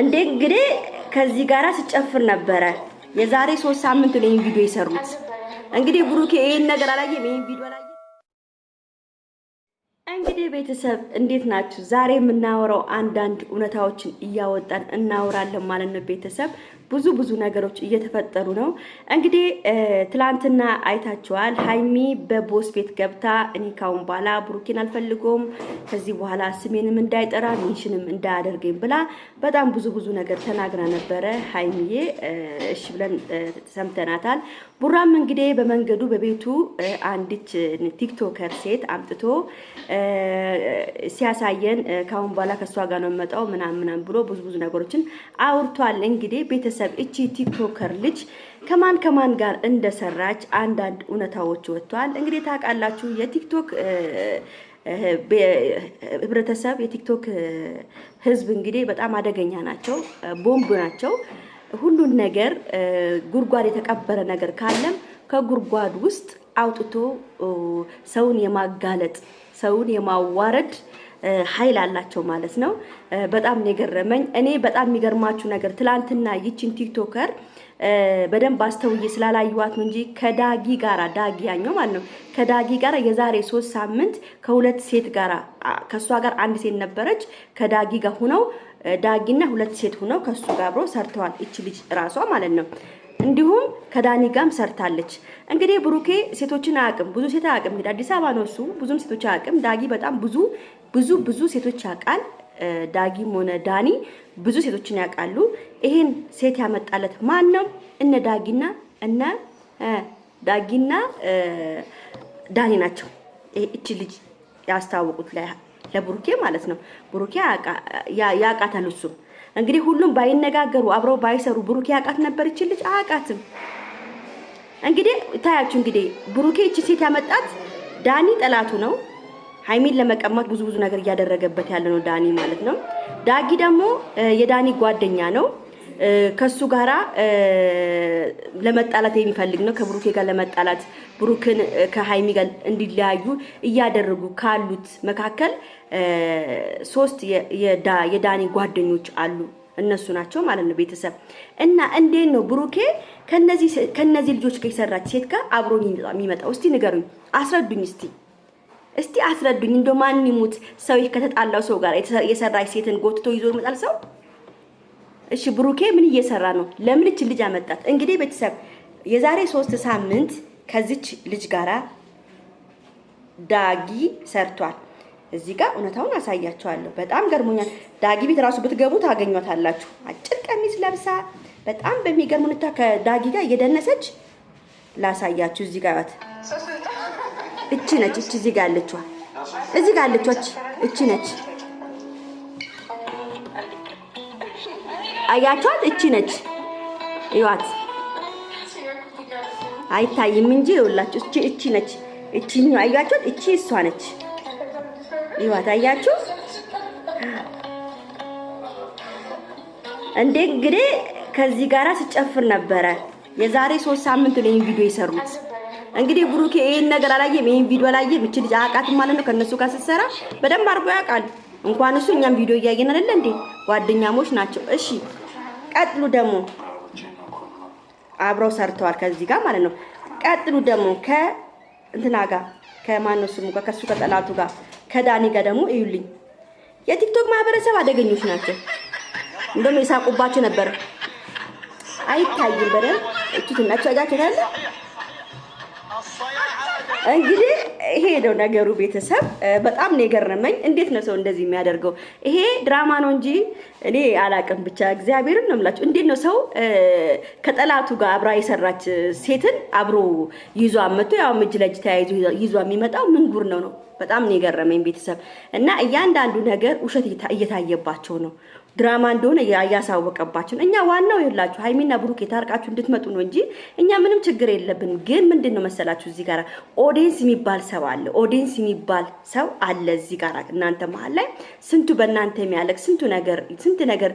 እንዴ እንግዲህ ከዚህ ጋር ስጨፍር ነበረ የዛሬ ሶስት ሳምንት ነው ይህን ቪዲዮ የሰሩት። እንግዲህ ብሩኬ ይህን ነገር አላየም ይህን ቪዲዮ ቤተሰብ እንዴት ናችሁ? ዛሬ የምናወራው አንዳንድ እውነታዎችን እያወጣን እናወራለን ማለት ነው። ቤተሰብ ብዙ ብዙ ነገሮች እየተፈጠሩ ነው። እንግዲህ ትላንትና አይታችኋል። ሀይሚ በቦስ ቤት ገብታ እኔ ካሁን በኋላ ብሩኬን አልፈልገውም፣ ከዚህ በኋላ ስሜንም እንዳይጠራ ሚንሽንም እንዳያደርገኝ ብላ በጣም ብዙ ብዙ ነገር ተናግራ ነበረ። ሀይሚዬ እሺ ብለን ሰምተናታል። ቡራም እንግዲህ በመንገዱ በቤቱ አንዲች ቲክቶከር ሴት አምጥቶ ሲያሳየን ከአሁን በኋላ ከእሷ ጋር ነው የመጣው ምናምን ምናምን ብሎ ብዙ ብዙ ነገሮችን አውርቷል። እንግዲህ ቤተሰብ እቺ ቲክቶከር ልጅ ከማን ከማን ጋር እንደሰራች አንዳንድ እውነታዎች ወጥተዋል። እንግዲህ ታውቃላችሁ የቲክቶክ ህብረተሰብ የቲክቶክ ህዝብ እንግዲህ በጣም አደገኛ ናቸው፣ ቦምብ ናቸው። ሁሉን ነገር ጉድጓድ የተቀበረ ነገር ካለም ከጉድጓድ ውስጥ አውጥቶ ሰውን የማጋለጥ ሰውን የማዋረድ ኃይል አላቸው ማለት ነው። በጣም ነው የገረመኝ። እኔ በጣም የሚገርማችሁ ነገር ትላንትና ይችን ቲክቶከር በደንብ አስተውዬ ስላላየዋት ነው እንጂ ከዳጊ ጋራ ዳጊ ያኛው ማለት ነው ከዳጊ ጋራ የዛሬ ሶስት ሳምንት ከሁለት ሴት ጋራ ከእሷ ጋር አንድ ሴት ነበረች ከዳጊ ጋር ሁነው ዳጊና ሁለት ሴት ሁነው ከእሱ ጋር አብረው ሰርተዋል። እች ልጅ ራሷ ማለት ነው እንዲሁም ከዳኒ ጋም ሰርታለች። እንግዲህ ብሩኬ ሴቶችን አያውቅም፣ ብዙ ሴት አያውቅም። እንግዲህ አዲስ አበባ ነው እሱ፣ ብዙም ሴቶች አያውቅም። ዳጊ በጣም ብዙ ብዙ ብዙ ሴቶች ያውቃል። ዳጊም ሆነ ዳኒ ብዙ ሴቶችን ያውቃሉ። ይሄን ሴት ያመጣለት ማን ነው? እነ ዳጊና እነ ዳጊና ዳኒ ናቸው። እቺ ልጅ ያስተዋወቁት ለብሩኬ ማለት ነው። ብሩኬ ያውቃታል እሱም እንግዲህ ሁሉም ባይነጋገሩ አብረው ባይሰሩ ብሩኬ አውቃት ነበር ይች ልጅ አቃትም እንግዲህ ታያችሁ እንግዲህ ብሩኬ ይች ሴት ያመጣት ዳኒ ጠላቱ ነው። ሀይሚን ለመቀማት ብዙ ብዙ ነገር እያደረገበት ያለ ነው ዳኒ ማለት ነው። ዳጊ ደግሞ የዳኒ ጓደኛ ነው። ከሱ ጋራ ለመጣላት የሚፈልግ ነው። ከብሩኬ ጋር ለመጣላት ብሩክን ከሀይሚ ጋር እንዲለያዩ እያደረጉ ካሉት መካከል ሶስት የዳኒ ጓደኞች አሉ። እነሱ ናቸው ማለት ነው ቤተሰብ እና እንዴት ነው ብሩኬ ከነዚህ ልጆች ከሰራች ሴት ጋር አብሮ የሚመጣው? እስቲ ንገሩኝ፣ አስረዱኝ። እስቲ እስቲ አስረዱኝ። እንደ ማን ይሙት ሰው ከተጣላው ሰው ጋር የሰራች ሴትን ጎትቶ ይዞ ይመጣል ሰው እሺ ብሩኬ ምን እየሰራ ነው? ለምን እች ልጅ አመጣት? እንግዲህ ቤተሰብ የዛሬ ሶስት ሳምንት ከዚች ልጅ ጋራ ዳጊ ሰርቷል። እዚህ ጋር እውነታውን አሳያቸዋለሁ። በጣም ገርሞኛል። ዳጊ ቤት ራሱ ብትገቡ ታገኟታላችሁ። አጭር ቀሚስ ለብሳ በጣም በሚገርም ሁኔታ ከዳጊ ጋር እየደነሰች ላሳያችሁ። እዚህ ጋር እቺ ነች። እቺ እዚህ ጋር ያለችዋ እዚህ ጋር ያለችዋ እቺ ነች። አያችኋት? እቺ ነች። ይዋት አይታይም እንጂ ይውላችሁ። እቺ እቺ ነች። እቺኛው አያችኋት? እቺ እሷ ነች። ይዋት አያችሁ እንዴ? እንግዲህ ከዚህ ጋራ ስጨፍር ነበረ የዛሬ ሶስት ሳምንት ነው ይሄን ቪዲዮ የሰሩት። እንግዲህ ብሩኬ ይሄን ነገር አላየም፣ ይሄን ቪዲዮ አላየም። እቺ ልጅ አውቃትም ማለት ነው። ከነሱ ጋር ስትሰራ በደንብ አድርጎ ያውቃል። እንኳን እሱ እኛም ቪዲዮ እያየን አይደለ እንዴ? ጓደኛሞች ናቸው። እሺ ቀጥሉ ደግሞ አብረው ሰርተዋል። ከዚህ ጋር ማለት ነው። ቀጥሉ ደግሞ ከእንትና ጋር ከማነው ስሙ ጋር ከሱ ከጠላቱ ጋር ከዳኒ ጋር ደግሞ እዩልኝ። የቲክቶክ ማህበረሰብ አደገኞች ናቸው። እንደውም የሳቁባቸው ነበር። አይታይም በደንብ እቺ ትናቸው እንግዲህ ይሄ ነው ነገሩ። ቤተሰብ በጣም ነው የገረመኝ። እንዴት ነው ሰው እንደዚህ የሚያደርገው? ይሄ ድራማ ነው እንጂ እኔ አላቅም። ብቻ እግዚአብሔርን ነው የምላችሁ። እንዴት ነው ሰው ከጠላቱ ጋር አብራ የሰራች ሴትን አብሮ ይዞ አመቶ ያው እጅ ለእጅ ተያይዞ ይዞ የሚመጣው ምንጉር ነው ነው። በጣም ነው የገረመኝ ቤተሰብ እና እያንዳንዱ ነገር ውሸት እየታየባቸው ነው። ድራማ እንደሆነ እያሳወቀባችሁ እኛ ዋናው የላችሁ ሀይሚና ብሩክ የታርቃችሁ እንድትመጡ ነው እንጂ እኛ ምንም ችግር የለብን። ግን ምንድን ነው መሰላችሁ እዚህ ጋር ኦዲየንስ የሚባል ሰው አለ። ኦዲየንስ የሚባል ሰው አለ እዚህ ጋር እናንተ መሀል ላይ ስንቱ በእናንተ የሚያለቅ ስንቱ ነገር ስንት ነገር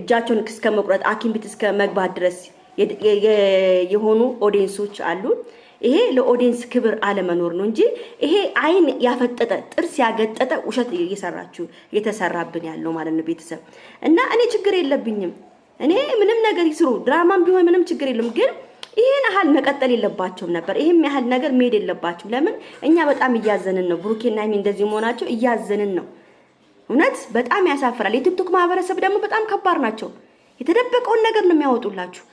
እጃቸውን እስከ መቁረጥ ሐኪም ቤት እስከ መግባት ድረስ የሆኑ ኦዲንሶች አሉ። ይሄ ለኦዲየንስ ክብር አለመኖር ነው እንጂ ይሄ አይን ያፈጠጠ ጥርስ ያገጠጠ ውሸት እየሰራችሁ እየተሰራብን ያለው ማለት ነው። ቤተሰብ እና እኔ ችግር የለብኝም። እኔ ምንም ነገር ይስሩ፣ ድራማም ቢሆን ምንም ችግር የለም ግን ይህን ያህል መቀጠል የለባቸውም ነበር። ይህም ያህል ነገር መሄድ የለባቸውም። ለምን እኛ በጣም እያዘንን ነው። ብሩኬና ሀይሚ እንደዚህ መሆናቸው እያዘንን ነው። እውነት በጣም ያሳፍራል። የቲክቶክ ማህበረሰብ ደግሞ በጣም ከባድ ናቸው። የተደበቀውን ነገር ነው የሚያወጡላችሁ።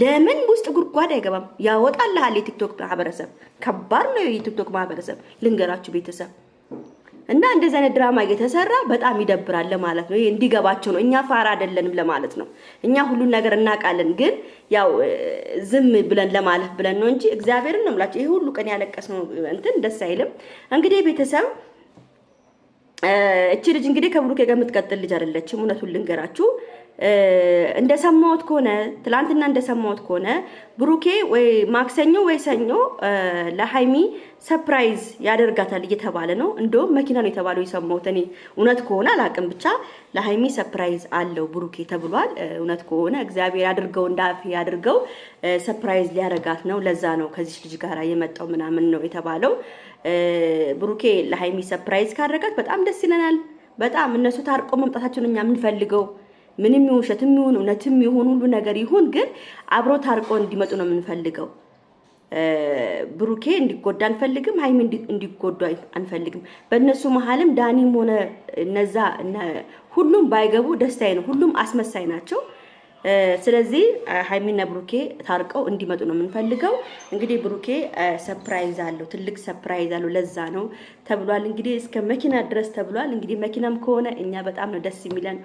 ለምን ውስጥ ጉድጓድ አይገባም? ያወጣልሃል። የቲክቶክ ማህበረሰብ ከባድ ነው። የቲክቶክ ማህበረሰብ ልንገራችሁ ቤተሰብ እና እንደዚህ አይነት ድራማ እየተሰራ በጣም ይደብራል ለማለት ነው። እንዲገባቸው ነው። እኛ ፋራ አይደለንም ለማለት ነው። እኛ ሁሉን ነገር እናውቃለን፣ ግን ያው ዝም ብለን ለማለፍ ብለን ነው እንጂ እግዚአብሔርን ነው የምላቸው። ይሄ ሁሉ ቀን ያለቀስነው እንትን ደስ አይልም። እንግዲህ ቤተሰብ እቺ ልጅ እንግዲህ ከብሩኬ ጋር የምትቀጥል ልጅ አይደለችም። እውነቱን ልንገራችሁ እንደሰማሁት ከሆነ ትላንትና እንደሰማሁት ከሆነ ብሩኬ ወይ ማክሰኞ ወይ ሰኞ ለሀይሚ ሰፕራይዝ ያደርጋታል እየተባለ ነው። እንደውም መኪና ነው የተባለው የሰማሁት እኔ። እውነት ከሆነ አላውቅም፣ ብቻ ለሀይሚ ሰፕራይዝ አለው ብሩኬ ተብሏል። እውነት ከሆነ እግዚአብሔር ያድርገው፣ እንዳፍ ያድርገው። ሰፕራይዝ ሊያደርጋት ነው። ለዛ ነው ከዚች ልጅ ጋር የመጣው ምናምን ነው የተባለው። ብሩኬ ለሀይሚ ሰፕራይዝ ካደረጋት በጣም ደስ ይለናል። በጣም እነሱ ታርቆ መምጣታቸውን እኛ የምንፈልገው ምንም ይሁን ውሸትም ይሁን እውነትም ይሁን ሁሉ ነገር ይሁን ግን አብሮ ታርቆ እንዲመጡ ነው የምንፈልገው። ብሩኬ እንዲጎዳ አንፈልግም። ሀይሚ እንዲጎዱ አንፈልግም። በእነሱ መሀልም ዳኒም ሆነ እነዛ ሁሉም ባይገቡ ደስታዬ ነው። ሁሉም አስመሳይ ናቸው። ስለዚህ ሀይሚና ብሩኬ ታርቀው እንዲመጡ ነው የምንፈልገው። እንግዲህ ብሩኬ ሰፕራይዝ አለው፣ ትልቅ ሰፕራይዝ አለው። ለዛ ነው ተብሏል። እንግዲህ እስከ መኪና ድረስ ተብሏል። እንግዲህ መኪናም ከሆነ እኛ በጣም ነው ደስ የሚለን፣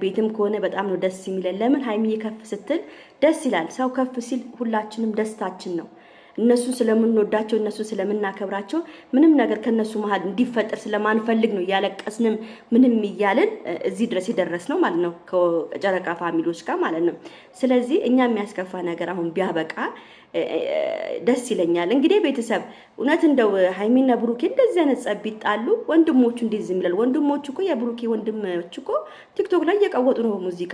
ቤትም ከሆነ በጣም ነው ደስ የሚለን። ለምን ሀይሚዬ ከፍ ስትል ደስ ይላል። ሰው ከፍ ሲል ሁላችንም ደስታችን ነው። እነሱን ስለምንወዳቸው እነሱን ስለምናከብራቸው ምንም ነገር ከነሱ መሀል እንዲፈጠር ስለማንፈልግ ነው እያለቀስንም ምንም እያልን እዚህ ድረስ የደረስ ነው ማለት ነው ከጨረቃ ፋሚሊዎች ጋር ማለት ነው። ስለዚህ እኛ የሚያስከፋ ነገር አሁን ቢያበቃ ደስ ይለኛል። እንግዲህ ቤተሰብ እውነት እንደው ሀይሚና ብሩኬ እንደዚህ አይነት ጸብ ወንድሞቹ እንዲዝ የሚላል ወንድሞቹ እኮ የብሩኬ ወንድሞች እኮ ቲክቶክ ላይ እየቀወጡ ነው በሙዚቃ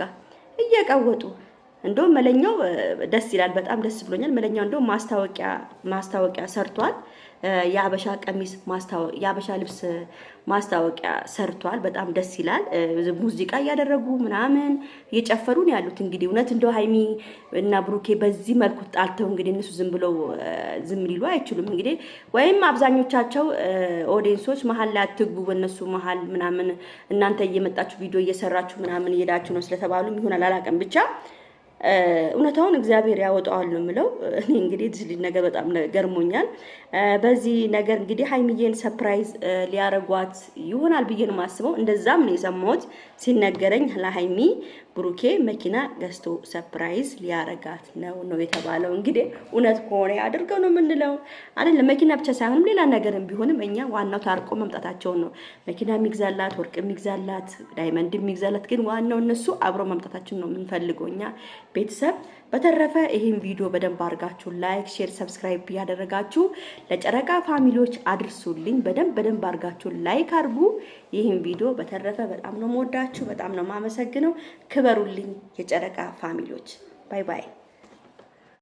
እየቀወጡ እንደውም መለኛው ደስ ይላል። በጣም ደስ ብሎኛል። መለኛው እንደውም ማስታወቂያ ማስታወቂያ ሰርቷል። የአበሻ ቀሚስ የአበሻ ልብስ ማስታወቂያ ሰርቷል። በጣም ደስ ይላል። ሙዚቃ እያደረጉ ምናምን እየጨፈሩ ነው ያሉት። እንግዲህ እውነት እንደው ሀይሚ እና ብሩኬ በዚህ መልኩ ጣልተው እንግዲህ እነሱ ዝም ብለው ዝም ሊሉ አይችሉም። እንግዲህ ወይም አብዛኞቻቸው ኦዲየንሶች መሀል ላይ አትግቡ፣ በእነሱ መሀል ምናምን እናንተ እየመጣችሁ ቪዲዮ እየሰራችሁ ምናምን እየሄዳችሁ ነው ስለተባሉ ይሆናል አላውቅም ብቻ እውነታውን እግዚአብሔር ያወጣዋል ነው የምለው። እኔ እንግዲህ ድ ልጅ ነገር በጣም ገርሞኛል። በዚህ ነገር እንግዲህ ሀይሚዬን ሰፕራይዝ ሊያረጓት ይሆናል ብዬ ነው የማስበው። እንደዛም ነው የሰማሁት ሲነገረኝ ለሀይሚ ብሩኬ መኪና ገዝቶ ሰፕራይዝ ሊያረጋት ነው ነው የተባለው። እንግዲህ እውነት ከሆነ ያድርገው ነው የምንለው አይደል? መኪና ብቻ ሳይሆንም ሌላ ነገርም ቢሆንም እኛ ዋናው ታርቆ መምጣታቸውን ነው። መኪና የሚግዛላት፣ ወርቅ የሚግዛላት፣ ዳይመንድ የሚግዛላት፣ ግን ዋናው እነሱ አብሮ መምጣታችን ነው የምንፈልገው እኛ ቤተሰብ በተረፈ ይህን ቪዲዮ በደንብ አድርጋችሁ ላይክ፣ ሼር፣ ሰብስክራይብ እያደረጋችሁ ለጨረቃ ፋሚሊዎች አድርሱልኝ። በደንብ በደንብ አድርጋችሁ ላይክ አድርጉ ይህን ቪዲዮ። በተረፈ በጣም ነው መወዳችሁ፣ በጣም ነው ማመሰግነው። ክበሩልኝ የጨረቃ ፋሚሊዎች። ባይ ባይ።